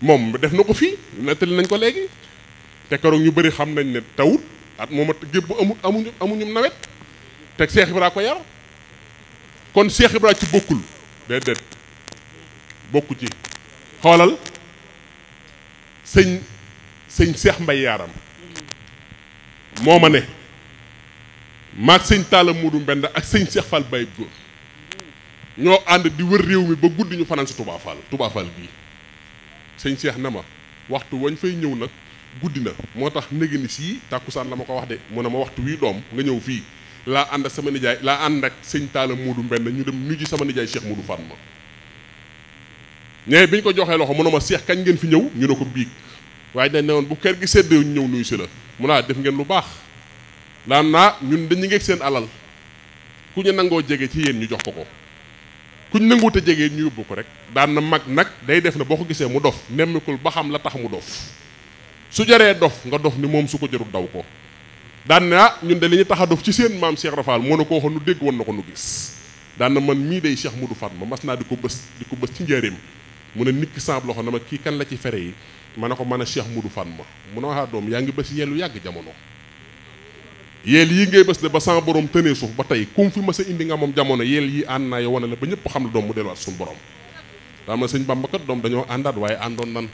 moom def na ko fii nettali nañ ko léegi te keroog ñu bëri xam nañ ne tawut at moom a gébb amul amuñu amuñu nawet te Cheikh Ibra ko yar kon Cheikh Ibra ci bokkul déedéet bokku ci xoolal sëñ sëñ Cheikh Mbay yaaram moo ma ne maag sëñ Talla Moodu Mbend ak sëñ Cheikh Fall Baye góor ñoo ànd di wër réew mi ba guddi ñu fanaan si Touba Fall Touba Fall bii Cheikh na ma waxtu wañ fay ñëw nag guddi na moo tax nëgë ni sii tàkkusaan la ma ko wax de mu ne ma waxtu wii doom nga ñëw fii laa ànd ak sama nijaay laa ànd ak sëñ Talla Moodu Mbend ñu dem ñu ji sama nijaay Cheikh Moodu Fatma ñee bi ñu ko joxee loxo mun ne ma seex kañ ngeen fi ñëw ñu ne ko biig waaye dañ ne woon bu kër gi séddee ñëw nuyu si la mu naa ah, def ngeen lu baax daan naa ñun dañu ngeeg seen alal ku ñu nangoo jege ci yéen ñu jox ko ko ku ñu nanguute jege ñu yóbbu ko rek daan na mag nag day def na boo ko gisee mu dof nemmikul ba xam la tax mu dof su jaree dof nga dof ni moom su ko jarul daw ko daan na ñun de li ñu tax a dof ci seen maam Cheikh Rafal moo na ko waxoon nu dégg woon na ko nu gis daana man mii day Cheikh Moudou ma mas naa di ko bës di ko bës ci njëriñ mu ne nit ki saab loxo na ma kii kan la ci fere yi ma ko mën a Cheikh Moudou Fatma mu ne waxaa doom yaa ngi bës yellu yàgg jamono yel yi ngay bëss de ba sama borom tene suuf ba tay kum fi mësa indi nga mom jamono yel yi an na yowone wane la ba ñepp xam la doom mu delluwaat suñu borom daa ma señ bamba kat doom dañoo andat waye andon nan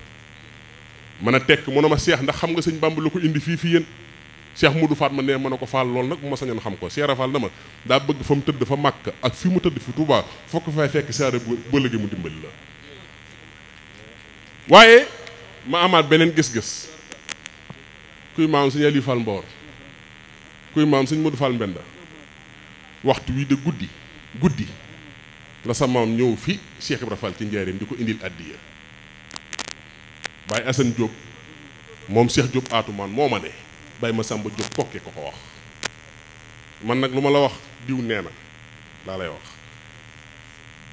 mëna tek mëna ma cheikh ndax xam nga señ bamba lu ko indi fi fi yeen cheikh mudou faat ma ne mëna ko faal lool nak mu ma sañoon xam ko cheikh rafal dama da bëgg fam teud fa mak ak fi mu teud fi Tuubaa fokk fay fekk saara bëllëgi mu dimbali la waye ma amaat benen gis-gis kuy maam señ ali Fall mbor kuy maam sëñ Modou Fall Mbenda waxtu wi de guddi guddi la sa maam ñëw fi Cheikh Ibra Fall ci njaareem di ko indil addiya Baye Assane Diop moom Cheikh Diop Atoumane moo ma ne ma Massamba Diop kokke ko ko wax man nag lu ma la wax diw nee na laa lay wax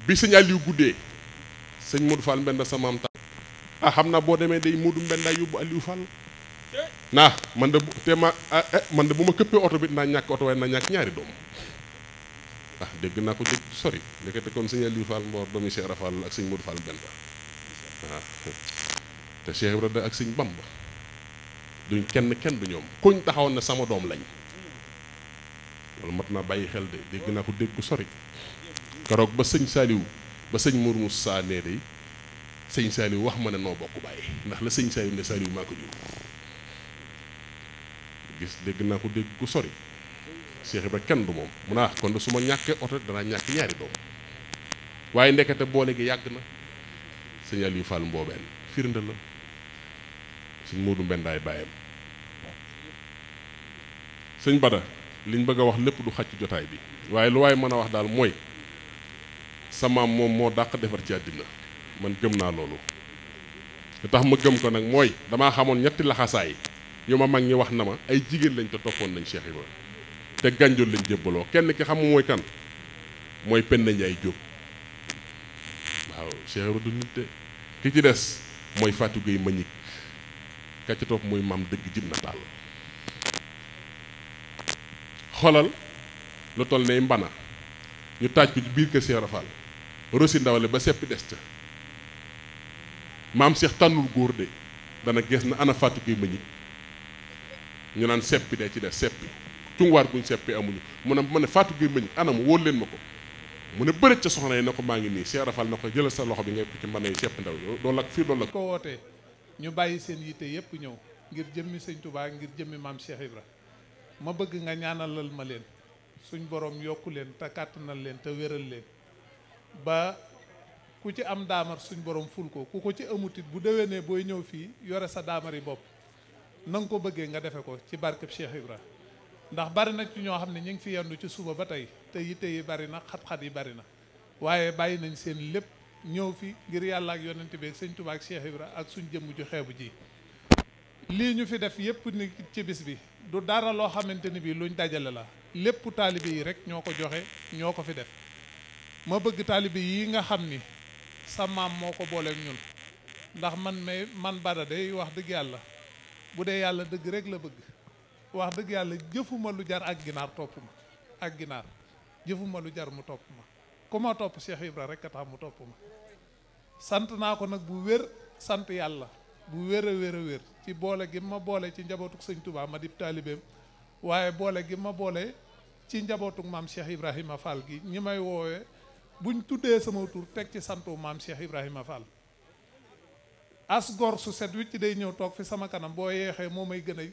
bi sëñ Aliou guddee sëñ Modou Fall Mbenda sa maam ta ah xam naa boo demee day Modou Mbenda yóbbu Aliou Fall naa man de te ma ah, eh, man de bu ma këppee oto bi naa ñàkk oto waaye naa ñàkk ñaari doom ah dégg naa ko jóg sori ndekete kon sëñ Aliou Fall Mboor doomi Cheikh Rafal ak sëñ Modou Fall Benda waaw ah, te Cheikh Ibrahima ak sëñ Bamba duñ kenn kenn du ñoom koñ taxawoon na sama doom lañ loolu mat naa bàyyi xel de dégg naa ko dégg sori keroog ba sëñ Saliou ba sëñ mu saa nee de sëñ Saliou wax ma ne noo bokk bàyyi ndax la sëñ Saliou ne Saliou maa ko jur gis dégg naa ko dégg gu sori Cheikh Ibra kenn du moom mun naa ah, wax kon su ma ñàkkee oto danaa ñàkk ñaari doom waaye ndekete boole gi yàgg na sëñ Aliou Fall mboobeen firnde la sëñ Moodu Mbendaay bàyyam sëñ Bada liñ bëgg a wax lépp du xàcc jotaay bi waaye lu waaye mën a wax daal mooy sama moom moo dàq defar ci àddina man gëm naa loolu lu tax ma gëm ko nag mooy damaa xamoon ñetti laxasaay yu ma mag ñi wax na ma ay jigéen lañ ta toppoon nañ Cheikh ibrahim te gànjol lañ jébbaloo kenn ki xam mooy kan mooy Penda ñay Diop waaw Cheikh ibrahim du nit de ki ci des mooy Fatou Gueye Magnick ka ci topp muy mam dëgg jib na xolal lu toll ne mbana ñu taaj ko ci biir kër Cheikh Rafal rosi ndawale ba seppi des ca Cheikh tànnul góor de dana gees na ana Fatou Gueye Magnick ñu naan seppi dee ci def seppi cunguwaar guñ seppi amuñu mu ne mën ne Fatou Gueye Mbagnick anam wóor leen ma ko mu ne bëri ca soxna yi na ko maa ngi nii Cheikh Rafal na ko jëlal sa loxo bi ngay ko ci mën a sepp ndaw loolu ak fii loolu la ko wootee ñu bàyyi seen yitte yépp ñëw ngir jëmmi sëñ Touba ngir jëmmi maam Cheikh la ma bëgg nga ñaanalal ma leen suñ borom yokku leen te kàttanal leen te wéral leen ba ku ci am daamar suñ borom ful ko ku ko ci amutit bu déwénee booy ñëw fii yore sa daamari bopp na ko bëggee nga defe ko ci barkeb Cheikh Ibra ndax bari na ci ñoo xam ne ñu ngi fi yendu ci suba ba tey te yitte yi bari na xat-xat yi bari na waaye bàyyi nañ seen lépp ñëw fi ngir yàlla ak yonent bi ak sëñ Tuubaa ak Cheikh Ibra ak suñ jëmm ju xeebu ji lii ñu fi def yépp ni ci bis bi du dara loo xamante ni bii luñ dajale la lépp taalibe yi rek ñoo ko joxe ñoo ko fi def ma bëgg taalibe yi nga xam ni sa maam moo ko booleeg ñun ndax man may man bada day wax dëgg yàlla bu dee yàlla dëgg rek la bëgg wax dëgg yàlla jëfuma lu jar ak ginaar topp ma ak ginaar jëfuma lu jar mu topp ma ku ma topp Cheikh Ibra rek a tax mu topp ma sant naa ko nag bu wér sant yàlla bu wér a wér a wér ci boole gi ma boole ci njabootuk sëñ Touba ma dib taalibeem waaye boole gi ma boole ci njabootuk maam Cheikh Ibrahima Fall gi ñi may woowee buñ tuddee sama tur teg ci santu maam Cheikh Ibrahima Fall as gor su set wicc day ñëw toog fi sama kanam boo yeexee moo may gën a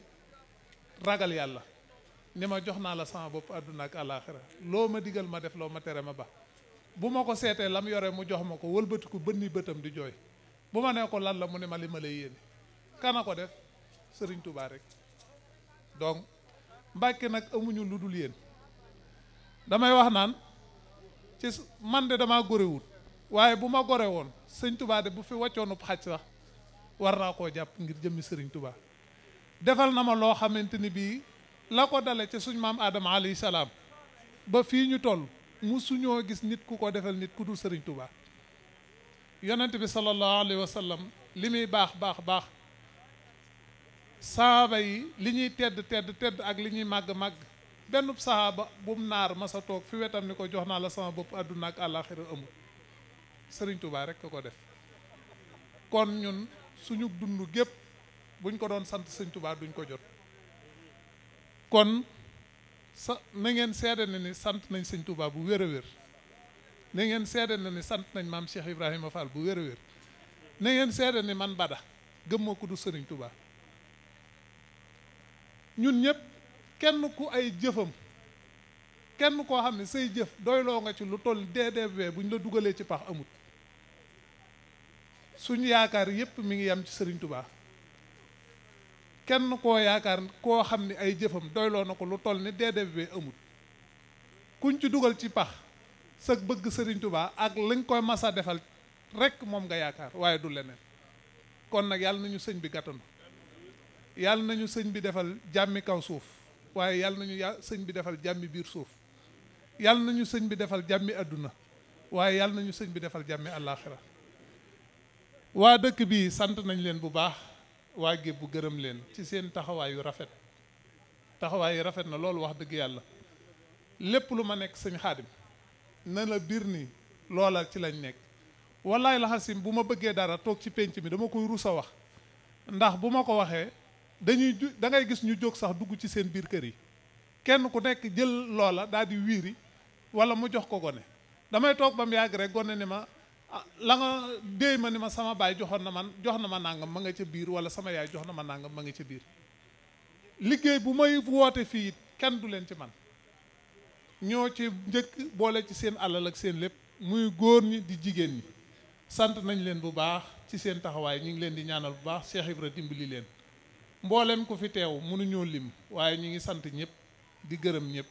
ragal yàlla ni ma jox naa la sama bopp àdduna ak àllaaxira loo ma digal ma def loo ma tere ma ba bu ma ko seetee lam yore mu jox ma ko wëlbatiku bënni bëtam di jooy bu ma nee ko lan la mu ne ma li ma lay yéene kana ko def sëriñ tubaa rek donc Mbàkke nag amuñu lu dul yéen damay wax naan ci man de damaa gorewut waaye bu ma gore woon sëñ Tuubaa de bu fi wàccoonub xaj sax war naa koo jàpp ngir jëmmi sëriñ tubaa defal na ma loo xamante ni bii la ko dale ca suñu maam aadama alayhi salaam ba fii ñu toll mu suñoo gis nit ku ko defal nit ku dul sëriñ tubaa yonent bi sallallahu alayhi wa sallam li muy baax baax baax saaba yi li ñuy tedd tedd tedd ak li ñuy màgg màgg benn saaba bu mu naar sa toog fi wetam ni ko jox naa la sama bopp àdduna ak àllaaxira amul sëriñ tubaa rek ko ko def kon ñun suñu dund gépp buñ ko doon sant sëñ Tuubaa duñ ko jot kon sa na ngeen seede na ni sant nañ sëñ Tuubaa bu wér a wér na ngeen seede na ni sant nañ maam Cheikh Ibrahima Fall bu wér a wér na ngeen seede ni man bada gëmma ku du sëriñ Tuubaa ñun ñëpp kenn ku ay jëfam kenn koo xam ne say jëf doyloo nga ci lu toll DDV buñ la dugalee ci pax amut suñu yaakaar yépp mi ngi yem ci sëriñ tubaa kenn koo yaakaar koo xam ne ay jëfam doyloo na ko lu toll ni DDV amut kuñ ci dugal ci pax sa bëgg sëriñ tubaa ak lañ koy masa defal rek moom nga yaakaar waaye du leneen kon nag yàlla nañu sëñ bi gàttanu yàlla nañu sëñ bi defal jàmmi kaw suuf waaye yàlla nañu ya sëñ bi defal jàmmi biir suuf yàlla nañu sëñ bi defal jàmmi àdduna waaye yàlla nañu sëñ bi defal jàmmi àllaaxira waa dëkk bi sant nañ leen bu baax waa Gébbu gërëm leen ci seen taxawaayu rafet taxawaayu rafet na loolu wax dëgg yàlla lépp lu ma nekk sëñ xaadim ne la biir ni loola ci lañ nekk wallaay laxasim bu ma bëggee dara toog ci penc mi dama koy a wax ndax bu ma ko waxee dañuy dangay gis ñu jóg sax dugg ci seen biir kër yi kenn ku nekk jël loola daal di wiiri wala mu jox ko gone damay toog ba mu yàgg rek gone ni ma Ah, la nga dey ma ni ma sama bay joxon na man joxon na ma nangam ma nga ci biir wala sama yaay joxon na ma nangam ma nga ci biir liggéey bu may woote fii kenn du leen ci man ñoo ci njëkk boole ci seen alal ak seen lépp muy góor ñi di jigéen ñi sant nañ leen bu baax ci seen taxawaay ñu ngi leen di ñaanal bu baax Cheikh Ibra dimbali leen mboolem ku fi teew ñoo lim waaye ñu ngi sant ñëpp di gërëm ñëpp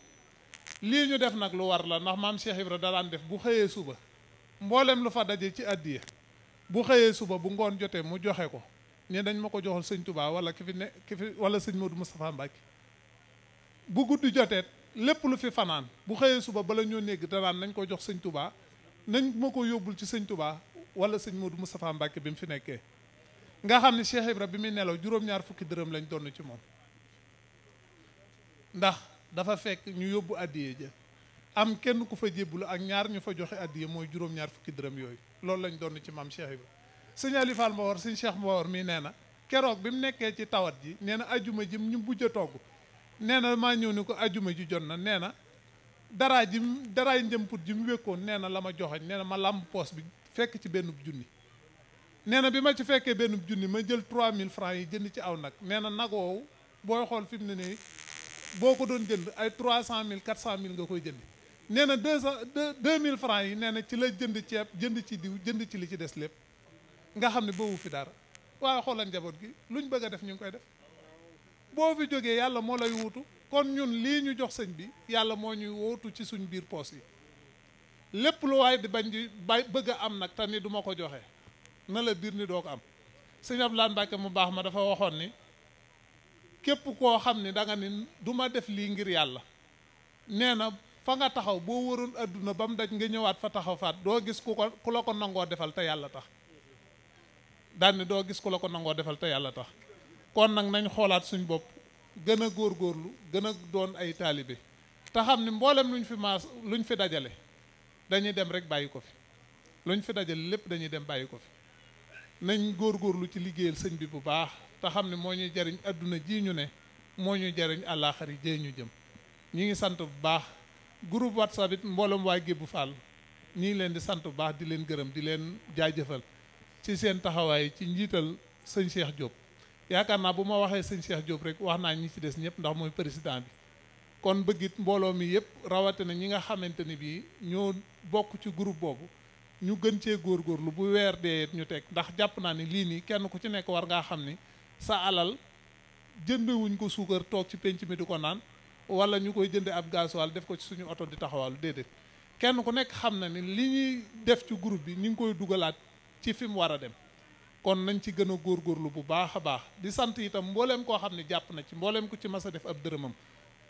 lii ñu def nag lu war la ndax maam Cheikh Ibra def bu xëyee suba mboolem lu fa daje ci addiya bu xëyee suba bu ngoon jotee mu joxe ko ne dañ ma ko joxal sëñ Touba wala ki fi ne ki fi wala sëñ Modou Moustapha Mbacke bu guddi jotee lépp lu fi fanaan bu xëyee suba bala ñoo néeg danaan nañ ko jox sëñ Touba nañ ma ko yóbbul ci sëñ Touba wala sëñ Modou safaa Mbacke bi mu fi nekkee nga xam ne Cheikh rek bi muy nelaw juróom-ñaar fukki dërëm lañ donn ci moom ndax dafa fekk ñu yóbbu addiya ja am kenn ku fa jébbalu ak ñaar ñu fa joxe addiya mooy juróom-ñaar fukki dërëm yooyu loolu lañ doon ci maam Cheikh Ibra sëñ Ali Fall Mbawar sëñ Cheikh mii nee na keroog bi mu nekkee ci tawat ji nee na ajuma ji ñu bujj a togg nee na maa ñëw ni ko ajuma ji jot na nee na daraa ji daraay njëmput ji mu wékkoon nee na la ma joxañ nee na ma làmb poos bi fekk ci benn junni nee na bi ma ci fekkee benn junni ma jël mille francs yi jënd ci aw nag nee na nag woowu booy xool fi mu ne nii boo ko doon jënd ay 300000 400000 nga koy jënd nee na deux cent deux mille francs yi nee na ci la jënd ceeb jënd ci diw jënd ci li ci des lépp nga xam ne boobu fi dara waaye xoolal njaboot gi luñ bëgg a def ñu ngi koy def boo fi jógee yàlla moo lay wuutu kon ñun lii ñu jox sëñ bi yàlla moo ñuy wuutu ci suñu biir poos yi lépp lu waaye di bañ bëgg a am nag te ni du ko joxe na la biir ni doo ko am sëñ Abdoulaye Mbacke mu baax ma dafa waxoon ni képp koo xam ni da nga ni du def lii ngir yàlla nee fa nga taxaw boo wëroon àdduna ba mu daj nga ñëwaat fa taxaw faat doo gis ku ko ku la ko nangoo defal te yàlla tax daan doo gis ku la ko nangoo defal te yàlla tax kon nag nañu xoolaat suñ bopp gën a góor góorgóorlu gën a doon ay taalibe te xam ni mboolem luñ fi maas ñu fi dajale dañuy dem rek bàyyi ko fi luñ fi dajale lépp dañuy dem bàyyi ko fi nañ góorgóorlu ci liggéeyal sëñ bi bu baax te xam ne moo ñuy jariñ àdduna ji ñu ne moo ñuy jariñ àllaaxari jee ñu jëm sant bu baax groupe whatsapp it mbolom way Gébbu Fall ñu ngi leen di sant bu baax di leen gërëm di leen jaajëfal ci seen taxaway ci njital seigne Cheikh Diop yaakaar naa bu ma waxee seigne Cheikh Diop rek wax naa ñi ci des ñëpp ndax mooy président bi kon bëggit mbooloo mi yëpp na ñi nga xamante ni bii ñoo bokk ci groupe boobu ñu gën cee góorgóorlu bu weer dee ñu teg ndax jàpp naa ni lii nii kenn ku ci nekk war ngaa xam ni sa alal jëndewuñ ko suukar toog ci penc mi di ko wala ñu koy jënde ab gasoil def ko ci suñu oto di taxawaalu déedéet kenn ku nekk xam na ni li ñuy def ci groupe bi ñu ngi koy dugalaat ci fi mu war a dem kon nañ ci gën a góorlu bu baax a baax di sant itam mbooleem koo xam ne jàpp na ci mbooleem ku ci mas a def ab dërëmam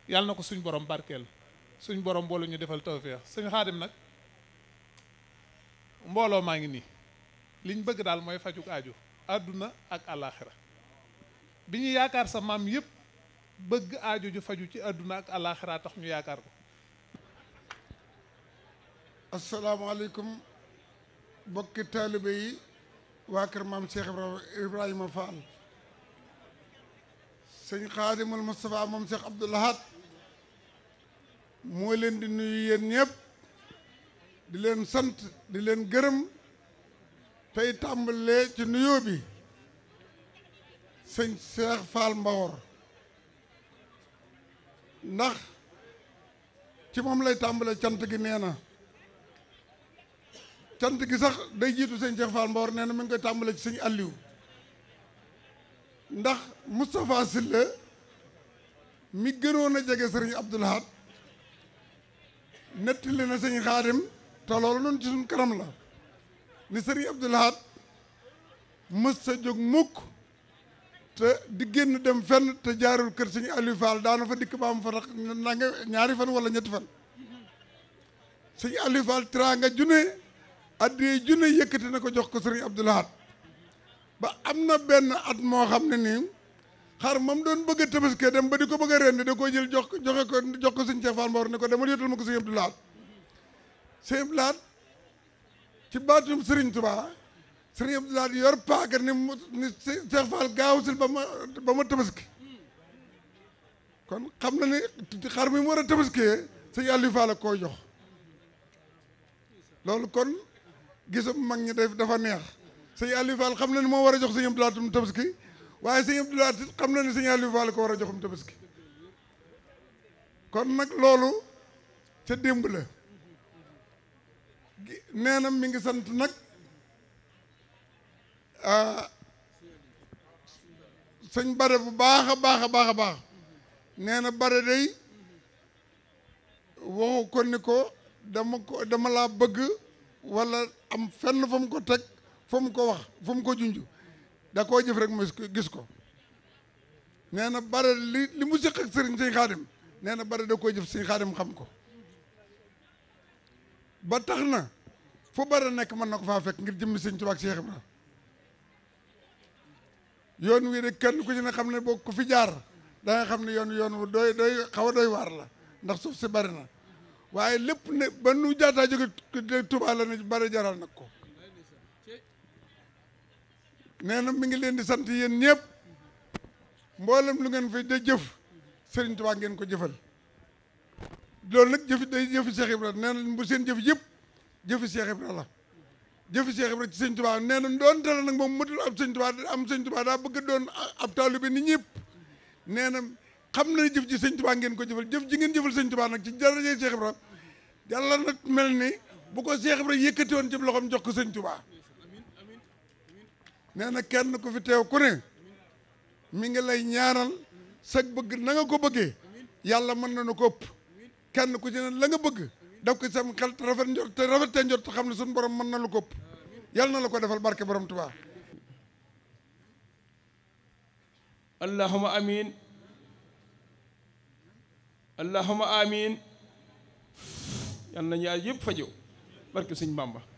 yàlla na ko suñ borom barkeel suñ borom boole ñu defal tawféex suñ xaadim nag mbooloo maa ngi nii liñ bëgg daal mooy fajug aajo àdduna ak àllaaxira bi ñu yaakaar sa maam yëpp bëgg aajo faju ci àdduna ak àllaaxira tax ñu yaakaar ko asalaamaaleykum bokki taalibe yi waa kër maam Cheikh Ibrahima Fall sëñ xaadimul Moustapha moom Cheikh Abdou Lahad moo leen di nuyu yéen ñëpp di leen sant di leen gërëm tey tàmbalee ci nuyoo bi sëñ Cheikh Fall Mbawor ndax ci moom lay tàmbale cant gi nee na cant gi sax day jiitu sëñ Cheikh Fall Mbaor nee na mi ngi koy tàmbale ci sëñ alliw ndax Moustapha Sylla mi gënoon a jege sëriñ Abdoul Ahad nettali na sëñ Xaadim te loolu noonu ci suñ kanam la ni sëriñ Abdoul Ahad mës sa jóg mukk te di génn dem fenn te jaarul kër sëñ Aliou Fall daana fa dikk ba mu fa tax nanga ñaari fan wala ñetti fan sëñ Aliou Fall teraanga junne addiyee junne yëkkati na ko jox ko sëriñ Abdou Lahad ba am na benn at moo xam ne nii xar mam doon bëgg a tabaskee dem ba di ko bëgg a rendi da koo jël jox joxe ko jox ko sëñ Cheikh Fall Mbaor ne ko demal yottal ma ko sëñ Abdou Lahad sëñ Abdou baatum sëriñ Tuubaa sëriñ laa di yor paaka ni mu ni Cheikh Fall gaawusil ba ma ba ma tabaski kon xam na ni xar mi mu war a tabaskee sëñ Aliou Fall a koo jox loolu kon gisum mag ñi def dafa neex sëñ Aliou Fall xam na ni moo war a jox sëñ Abdoulaye mu tabaski waaye sëñ Abdoulaye xam na ni sëñ Aliou Fall ko war a joxum tabaski kon nag loolu ca démb la nee na mi ngi sant nag Ah, sëñ bare bu baax a baax a baax a baax nee na bare day waxu ko ni ko dama ko dama laa bëgg walla am fenn fa mu ko teg fa mu ko wax fa mu ko junj da koo jëf rek mu gis ko nee na bare li li mu séq ak sëriñ sëñ xaadim nee na bare da koo jëf sëñ xaadim xam ko ba tax na fu bare nekk man na ko faa fekk ngir jëmmi sëñ Tuubaa ak Seex yoon wi de kenn ku ci ne xam ne boo ko fi jaar da xam ne yoon yoon wu doy doy xaw a doy waar la ndax suuf si bari na waaye lépp ne ba nu jaataa jóge Tuubaa la ne bari jaral nag ko nee na mi ngi leen di sant yéen ñëpp mboolem lu ngeen fi da jëf Sëriñ Tuubaa ngeen ko jëfal loolu nag jëfi day jëfi Cheikh Ibrahima nee na bu seen jëf yëpp jëfi Cheikh Ibrahima la jëfi Cheikh Ibrahima ci sëñ Tuubaa nee na doon tala nag moom matul ab sëñ Tuubaa am sëñ Tuubaa daa bëgg doon ab bi ni ñëpp nee na xam na jëf ji sëñ Tuubaa ngeen ko jëfal jëf ji ngeen jëfal sëñ Tuubaa nag ci daraje Cheikh Ibrahima yàlla nag mel ni bu ko Cheikh Ibrahima yëkkati woon ci loxoom jox ko sëñ Tuubaa nee na kenn ko fi teew ku ne mi ngi lay ñaanal sag bëgg na ko bëggee yàlla mën na nu ko kenn ku ci ne la nga bëgg def ko sam xel te rafet njot te rafet te xam ne suñu borom mën na lu ko yàlla na la ko defal barke borom Tuubaa allahuma amin allahuma amin yal nañu yàlla yëpp fajo barke sëñ Bamba